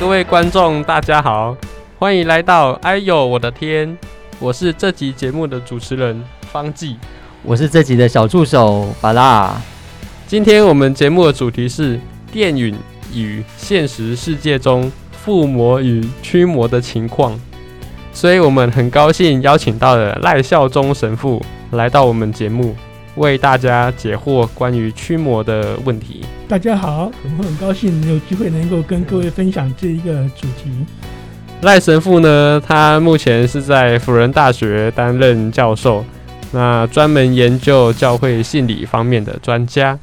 各位觀眾，大家好，歡迎來到哎呦我的天！我是這集節目的主持人方濟，我是這集的小助手巴拉。今天我們節目的主題是電影與現實世界中附魔與驅魔的情況，所以我們很高興邀請到了賴効忠神父來到我們節目。為大家解惑關於驅魔的問題。大家好，我們很高興有機會能夠跟各位分享這一個主題。賴神父呢，他目前是在輔仁大學擔任教授，那專門研究教會信理方面的專家。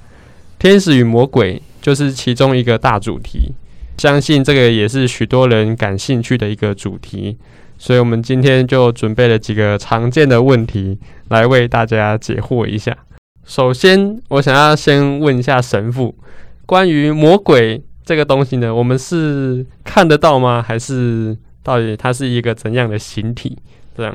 天使與魔鬼就是其中一個大主題，相信這個也是許多人感興趣的一個主題。所以我們今天就準備了幾個常見的問題來為大家解惑一下。首先，我想要先問一下神父，關於魔鬼這個東西呢，我們是看得到嗎？還是到底它是一個怎樣的形體？這樣。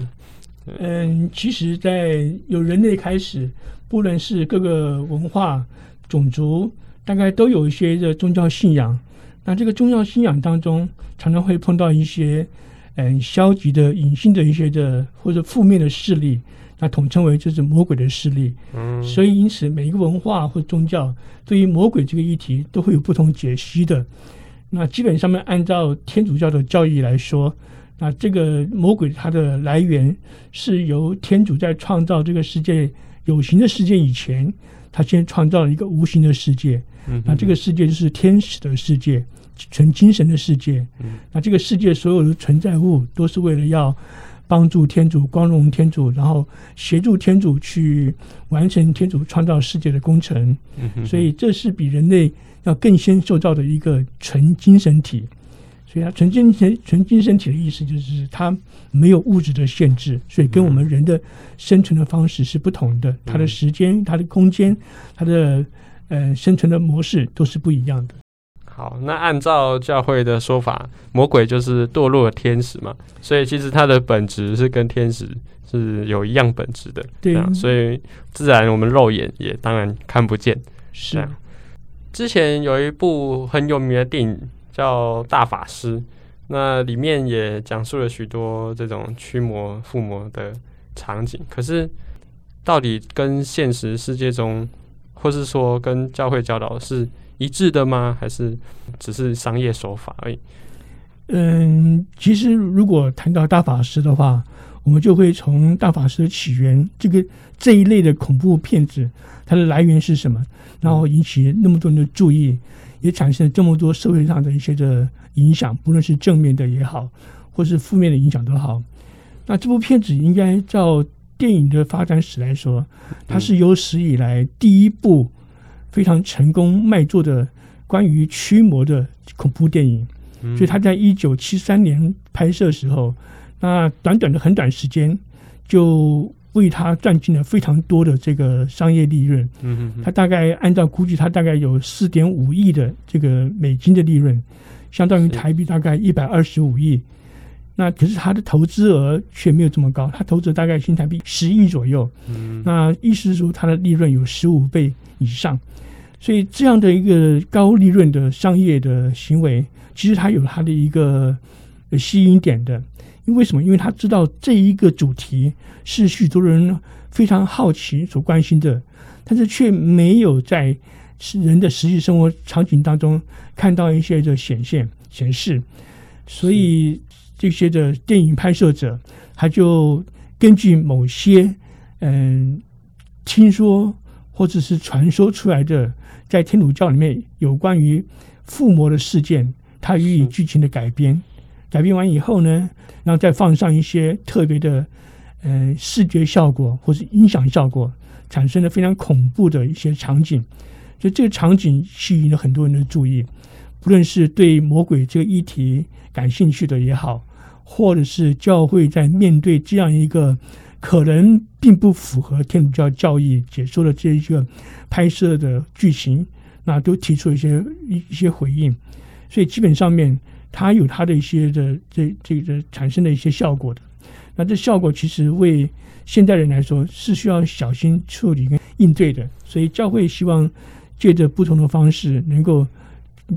嗯，其實，在有人類開始，不論是各個文化、種族，大概都有一些的宗教信仰。那這個宗教信仰當中，常常會碰到一些，嗯，消極的、隱性的一些的或者負面的勢力。那統稱為就是魔鬼的勢力，嗯，所以因此每一個文化或宗教對於魔鬼這個議題都會有不同解析的。那基本上面按照天主教的教義來說，那這個魔鬼它的來源是由天主在創造這個世界、有形的世界以前，他先創造了一個無形的世界，嗯，那這個世界就是天使的世界，純精神的世界，嗯，那這個世界所有的存在物都是為了要。幫助天主、光榮天主，然後協助天主去完成天主創造世界的工程。嗯，所以這是比人類要更先受到的一個純精神體。所以，它純精神、純精神體的意思就是它沒有物質的限制，所以跟我們人的生存的方式是不同的。它的時間、它的空間、它的呃生存的模式都是不一樣的。好，那按照教會的說法，魔鬼就是墮落的天使嘛，所以其實它的本質是跟天使是有一樣本質的，對。所以自然我們肉眼也當然看不見。是。之前有一部很有名的電影叫《大法師》，那裡面也講述了許多這種驅魔附魔的場景。可是到底跟現實世界中，或是說跟教會教導是？一致的嗎？還是只是商業手法而已？嗯，其實如果談到大法師的話，我們就會從大法師的起源，這個這一類的恐怖片子，它的來源是什麼，然後引起那麼多人的注意、嗯，也產生了這麼多社會上的一些的影響，不論是正面的也好，或是負面的影響都好。那這部片子應該照電影的發展史來說，它是有史以來第一部、嗯。非常成功賣座的關於驅魔的恐怖電影，所以他在一九七三年拍攝時候，那短短的很短時間就為他賺進了非常多的這個商業利潤。嗯，他大概按照估計，他大概有四點五億的這個美金的利潤，相當於台幣大概一百二十五億。那可是他的投資額卻沒有這麼高，他投資大概新台幣十億左右。嗯，那意思是說他的利潤有十五倍以上。所以這樣的一個高利潤的商業的行為，其實它有它的一個吸引點的。因為什麼？因為他知道這一個主題是許多人非常好奇所關心的，但是卻沒有在人的實際生活場景當中看到一些的顯現顯示。所以這些的電影拍攝者，他就根據某些嗯，聽說。或者是傳說出來的，在天主教裡面有關於附魔的事件，他予以劇情的改編，改編完以後呢，然後再放上一些特別的，嗯、呃，視覺效果或是音響效果，產生了非常恐怖的一些場景。所以這個場景吸引了很多人的注意，不論是對魔鬼這個議題感興趣的也好，或者是教會在面對這樣一個。可能並不符合天主教教義解說的這一個拍攝的劇情，那都提出一些一一些回應，所以基本上面它有它的一些的這這個產生的一些效果的，那這效果其實為現代人來說是需要小心處理跟應對的，所以教會希望借着不同的方式能夠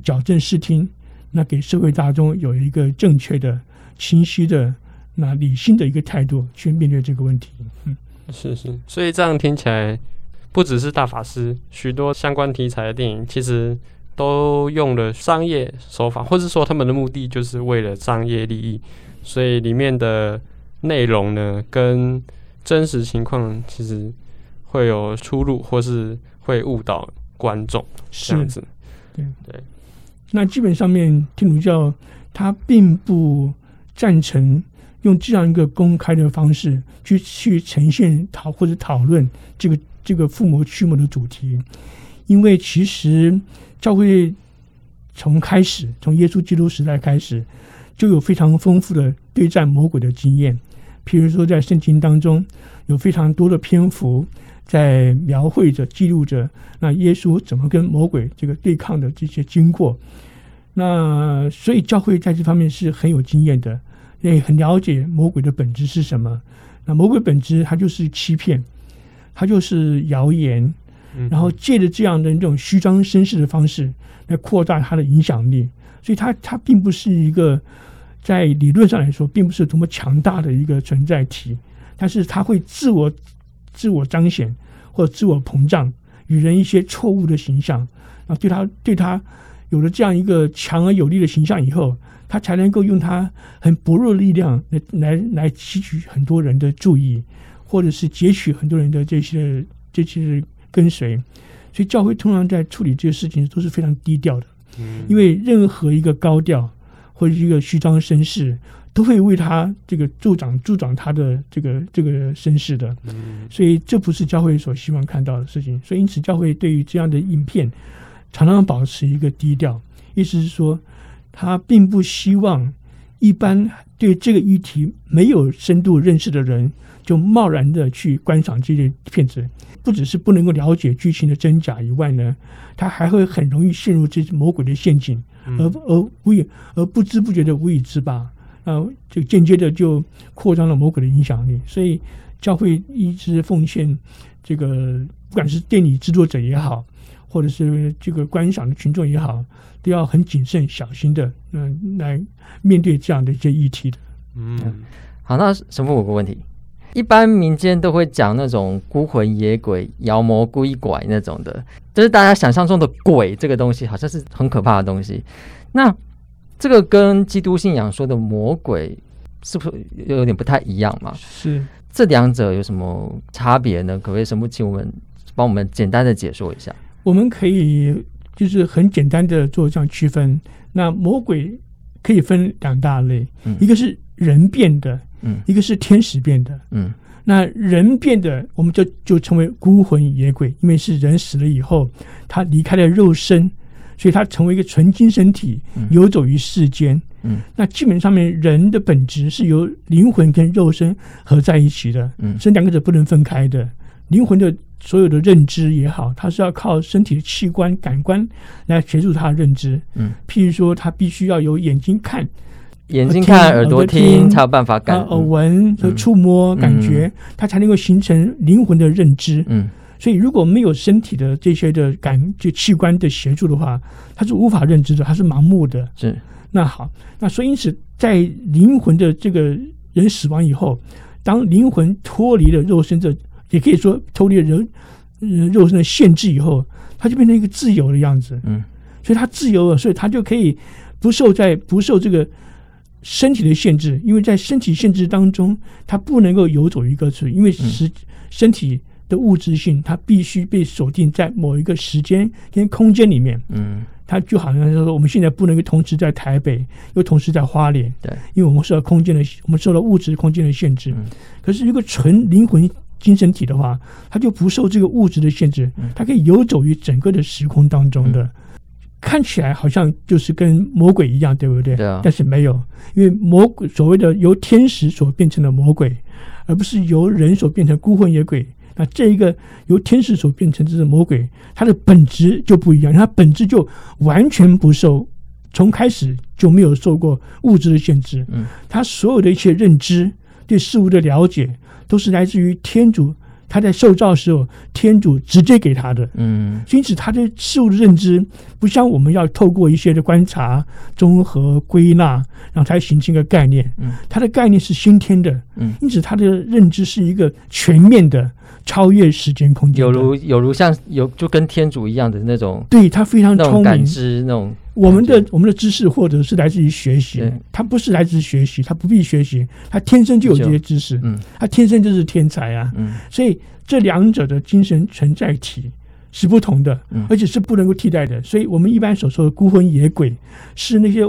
矯正視聽，那給社會大眾有一個正確的、清晰的。拿理性的一個態度、啊、去面對這個問題，嗯，是是。所以這樣聽起來，不只是大法師，許多相關題材的電影其實都用了商業手法，或者說他們的目的就是為了商業利益，所以裡面的內容呢，跟真實情況其實會有出入，或是會誤導觀眾這樣子。是對對。那基本上面，天主教他並不贊成。用這樣一個公開的方式去去呈現討或者討論這個這個附魔驅魔的主題，因為其實教會從開始從耶穌基督時代開始，就有非常豐富的對戰魔鬼的經驗。譬如說，在聖經當中有非常多的篇幅在描繪着記錄着，那耶穌怎麼跟魔鬼這個對抗的這些經過。那所以教會在這方面是很有經驗的。也很了解魔鬼的本質是什麼？那魔鬼本質，它就是欺騙，它就是謠言，然後借着這樣的一種虛張聲勢的方式來擴大它的影響力。所以它，它它並不是一個在理論上來說，並不是多麼強大的一個存在體，但是它會自我自我彰顯或者自我膨脹，與人一些錯誤的形象，然後對它對它。對它有了這樣一個強而有力的形象以後，他才能夠用他很薄弱的力量來來來汲取很多人的注意，或者是截取很多人的這些這些跟隨。所以教會通常在處理這些事情都是非常低調的，嗯。因為任何一個高調或者一個虛張聲勢，都會為他這個助長助長他的這個這個聲勢的。所以這不是教會所希望看到的事情。所以因此，教會對於這樣的影片。常常保持一個低調，意思是說，他並不希望一般對這個議題沒有深度認識的人，就貿然的去觀賞這些片子。不只是不能夠了解劇情的真假以外呢，他還會很容易陷入這些魔鬼的陷阱，嗯，而而無以而不知不覺的無以自拔。啊，就間接的就擴張了魔鬼的影響力。所以教會一直奉獻這個，不管是電影製作者也好。或者是這個觀賞的群眾也好，都要很謹慎小心的，嗯，來面對這樣的一些議題的。嗯，好，那神父我有個問題，一般民間都會講那種孤魂野鬼、妖魔、鬼怪那種的，就是大家想象中的鬼這個東西，好像是很可怕的東西。那這個跟基督信仰說的魔鬼，是不是又有點不太一樣嘛？是，這兩者有什麼差別呢？可不可以神父，請我們幫我們簡單的解說一下？我們可以就是很簡單的做這樣區分。那魔鬼可以分兩大類，一個是人變的，嗯、一個是天使變的。嗯、那人變的，我們就就稱為孤魂野鬼，因為是人死了以後，他離開了肉身，所以他成為一個純精神體，遊走於世間。嗯嗯、那基本上面人的本質是由靈魂跟肉身合在一起的，所以兩個是不能分開的。靈魂的所有的認知也好，它是要靠身體的器官、感官來協助它的認知。嗯，譬如說，它必須要有眼睛看，眼睛看耳，耳朵聽，才有辦法感耳聞和觸摸感覺，嗯、它才能夠形成靈魂的認知。嗯，所以如果沒有身體的這些的感，就器官的協助的話、嗯，它是無法認知的，它是盲目的。是，那好，那所以因此，在靈魂的這個人死亡以後，當靈魂脫離了肉身的、嗯。也可以說脫離了人，人肉身的限制以後，他就變成一個自由的樣子。嗯，所以他自由了，所以他就可以不受在不受這個身體的限制，因為在身體限制當中，他不能夠遊走於各處，因為身，嗯，身體的物質性，它必須被鎖定在某一個時間跟空間裡面。嗯，它就好像是說，我們現在不能夠同時在台北，又同時在花蓮。對，因為我們受到空間的，我們受到物質空間的限制，嗯。可是一個純靈魂。精神體的話，它就不受這個物質的限制，它可以遊走於整個的時空當中的、嗯。看起來好像就是跟魔鬼一樣，對不對？嗯、但是沒有，因為魔鬼所謂的由天使所變成的魔鬼，而不是由人所變成孤魂野鬼。那這一個由天使所變成這個魔鬼，它的本質就不一樣，它本質就完全不受，從開始就沒有受過物質的限制。嗯、它所有的一些認知。對事物的了解，都是來自於天主，他在受造的時候，天主直接給他的。嗯，因此他對事物的認知，不像我們要透過一些的觀察、綜合、歸納，然後才形成一個概念。嗯，他的概念是先天的。嗯，因此他的認知是一個全面的。超越時間空間，有如有如像有就跟天主一樣的那種，對他非常聰明那種，我們的我們的知識或者是來自於學習，他不是來自於學習，他不必學習，他天生就有這些知識，嗯，他天生就是天才啊，嗯，所以這兩者的精神存在體是不同的，而且是不能夠替代的，所以我們一般所說的孤魂野鬼是那些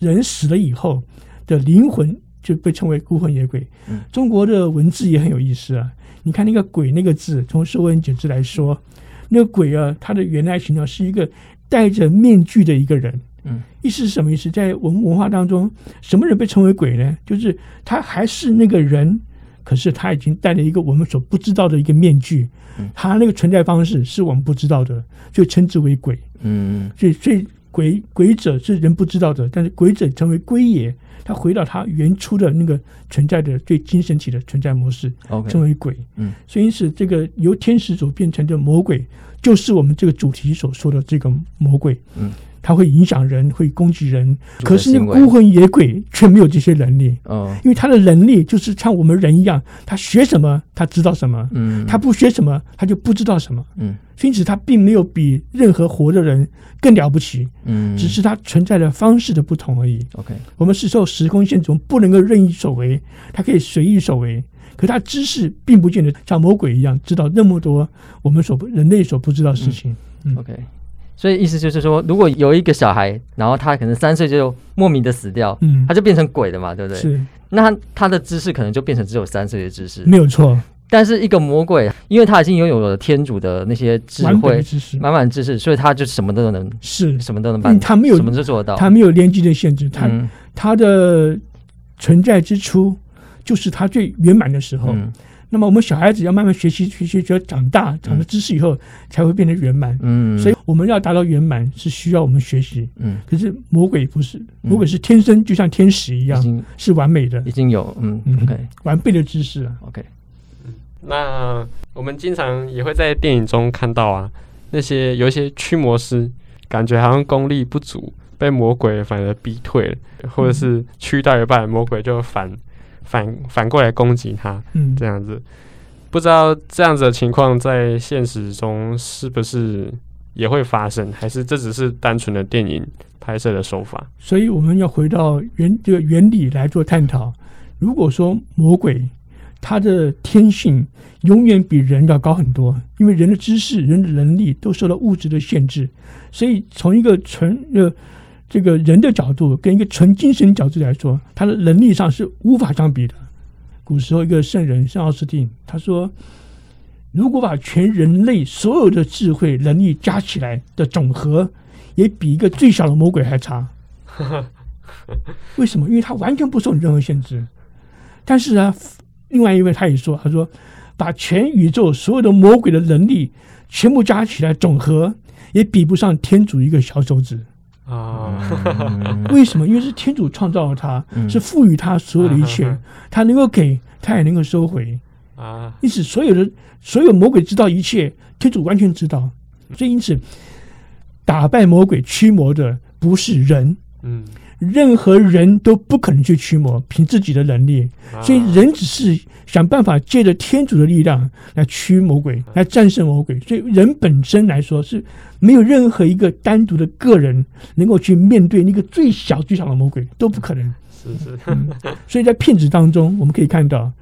人死了以後的靈魂。就被稱為孤魂野鬼，嗯。中國的文字也很有意思啊，你看那個“鬼”那個字，從說文解字來說，那個“鬼”啊，它的原來形象是一個戴着面具的一個人。嗯，意思是什麼意思？在文文化當中，什麼人被稱為鬼呢？就是他還是那個人，可是他已經戴了一個我們所不知道的一個面具。嗯，他那個存在方式是我們不知道的，就稱之為鬼。嗯，所以所以。鬼鬼者是人不知道的，但是鬼者成為鬼也，他回到他原初的那個存在的最精神體的存在模式，okay, 成為鬼。嗯，所以是這個由天使所變成的魔鬼，就是我們這個主題所說的這個魔鬼。嗯。它會影響人，會攻擊人。可是那孤魂野鬼卻沒有這些能力。哦，因為他的能力就是像我們人一樣，他學什麼他知道什麼。嗯，他不學什麼他就不知道什麼。嗯，因此他並沒有比任何活的人更了不起。嗯，只是他存在的方式的不同而已。OK，嗯，我們是受時空限制，不能夠任意所為。他可以隨意所為，可他知識並不見得像魔鬼一樣知道那麼多我們所人類所不知道的事情。嗯，嗯，OK。所以意思就是說，如果有一個小孩，然後他可能三歲就莫名的死掉，嗯，他就變成鬼了嘛，對不對？是。那他，他的知識可能就變成只有三歲的知識。沒有錯。但是一個魔鬼，因為他已經擁有了天主的那些智慧、知識、滿滿知識，所以他就什麼都能是，什麼都能辦。他沒有，什麼都做得到。他沒有年紀的限制，他、嗯、他的存在之初就是他最圓滿的時候。嗯。那麼我們小孩子要慢慢學習，學習只有長大，長了知識以後、嗯、才會變得圓滿。嗯，所以我們要達到圓滿是需要我們學習。嗯，可是魔鬼不是，嗯、魔鬼是天生就像天使一樣，是完美的，已經有嗯，嗯，OK，完備的知識啊。OK，、嗯、那我們經常也會在電影中看到啊，那些有一些驅魔師，感覺好像功力不足，被魔鬼反而逼退了、嗯，或者是驅到一半，魔鬼就反。反反過來攻擊他，這樣子。嗯，不知道這樣子的情況在現實中是不是也會發生，還是這只是單純的電影拍攝的手法？所以我們要回到原的、這個、原理來做探討。如果說魔鬼他的天性永遠比人要高很多，因為人的知識、人的能力都受到物質的限制，所以從一個純的。呃這個人的角度跟一個純精神角度來說，他的能力上是無法相比的。古時候一個聖人聖奧斯定他說：“如果把全人類所有的智慧能力加起來的總和，也比一個最小的魔鬼還差。 為什麼？因為他完全不受你任何限制。但是呢、啊，另外一位他也說，他說，把全宇宙所有的魔鬼的能力全部加起來總和，也比不上天主一個小手指。” 為什麼？因為是天主創造了他，是賦予他所有的一切，他能夠給，他也能夠收回啊！因此，所有的所有魔鬼知道一切，天主完全知道，所以因此打敗魔鬼，驅魔的不是人，嗯。任何人都不可能去驅魔，憑自己的能力。所以人只是想辦法借着天主的力量來驅魔鬼，來戰勝魔鬼。所以人本身來說是沒有任何一個單獨的個人能夠去面對那個最小最小的魔鬼，都不可能。是是、嗯。所以在片子當中，我們可以看到，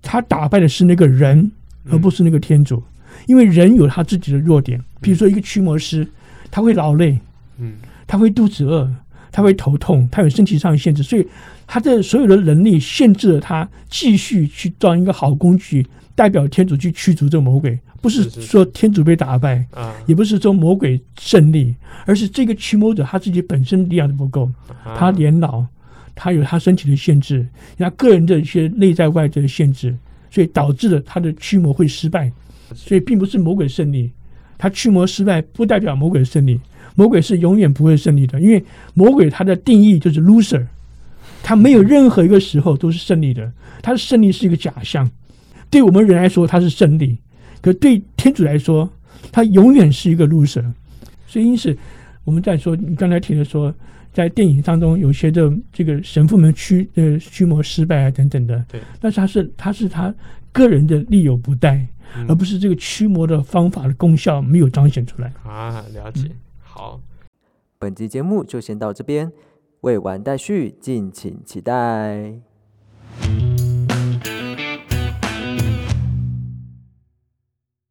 他打敗的是那個人，而不是那個天主，因為人有他自己的弱點。比如說，一個驅魔師，他會勞累，嗯，他會肚子餓。他會頭痛，他有身體上的限制，所以他的所有的能力限制了他繼續去當一個好工具，代表天主去驅逐這魔鬼。不是說天主被打敗，是是啊、也不是說魔鬼勝利，而是這個驅魔者他自己本身力量都不夠，啊、他年老，他有他身體的限制，他個人的一些內在外在的限制，所以導致了他的驅魔會失敗。所以並不是魔鬼勝利，他驅魔失敗不代表魔鬼勝利。魔鬼是永遠不會勝利的，因為魔鬼他的定義就是 loser，他沒有任何一個時候都是勝利的，他的勝利是一個假象。對我們人來說，他是勝利；可對天主來說，他永遠是一個 loser。所以，因此我們在說你剛才提的說，在電影當中有些的這個神父們驅呃、這個、驅魔失敗啊等等的，對，但是他是他是他個人的力有不逮，而不是這個驅魔的方法的功效沒有彰顯出來啊，了解。嗯本集節目就先到這邊，未完待續，敬請期待。嗯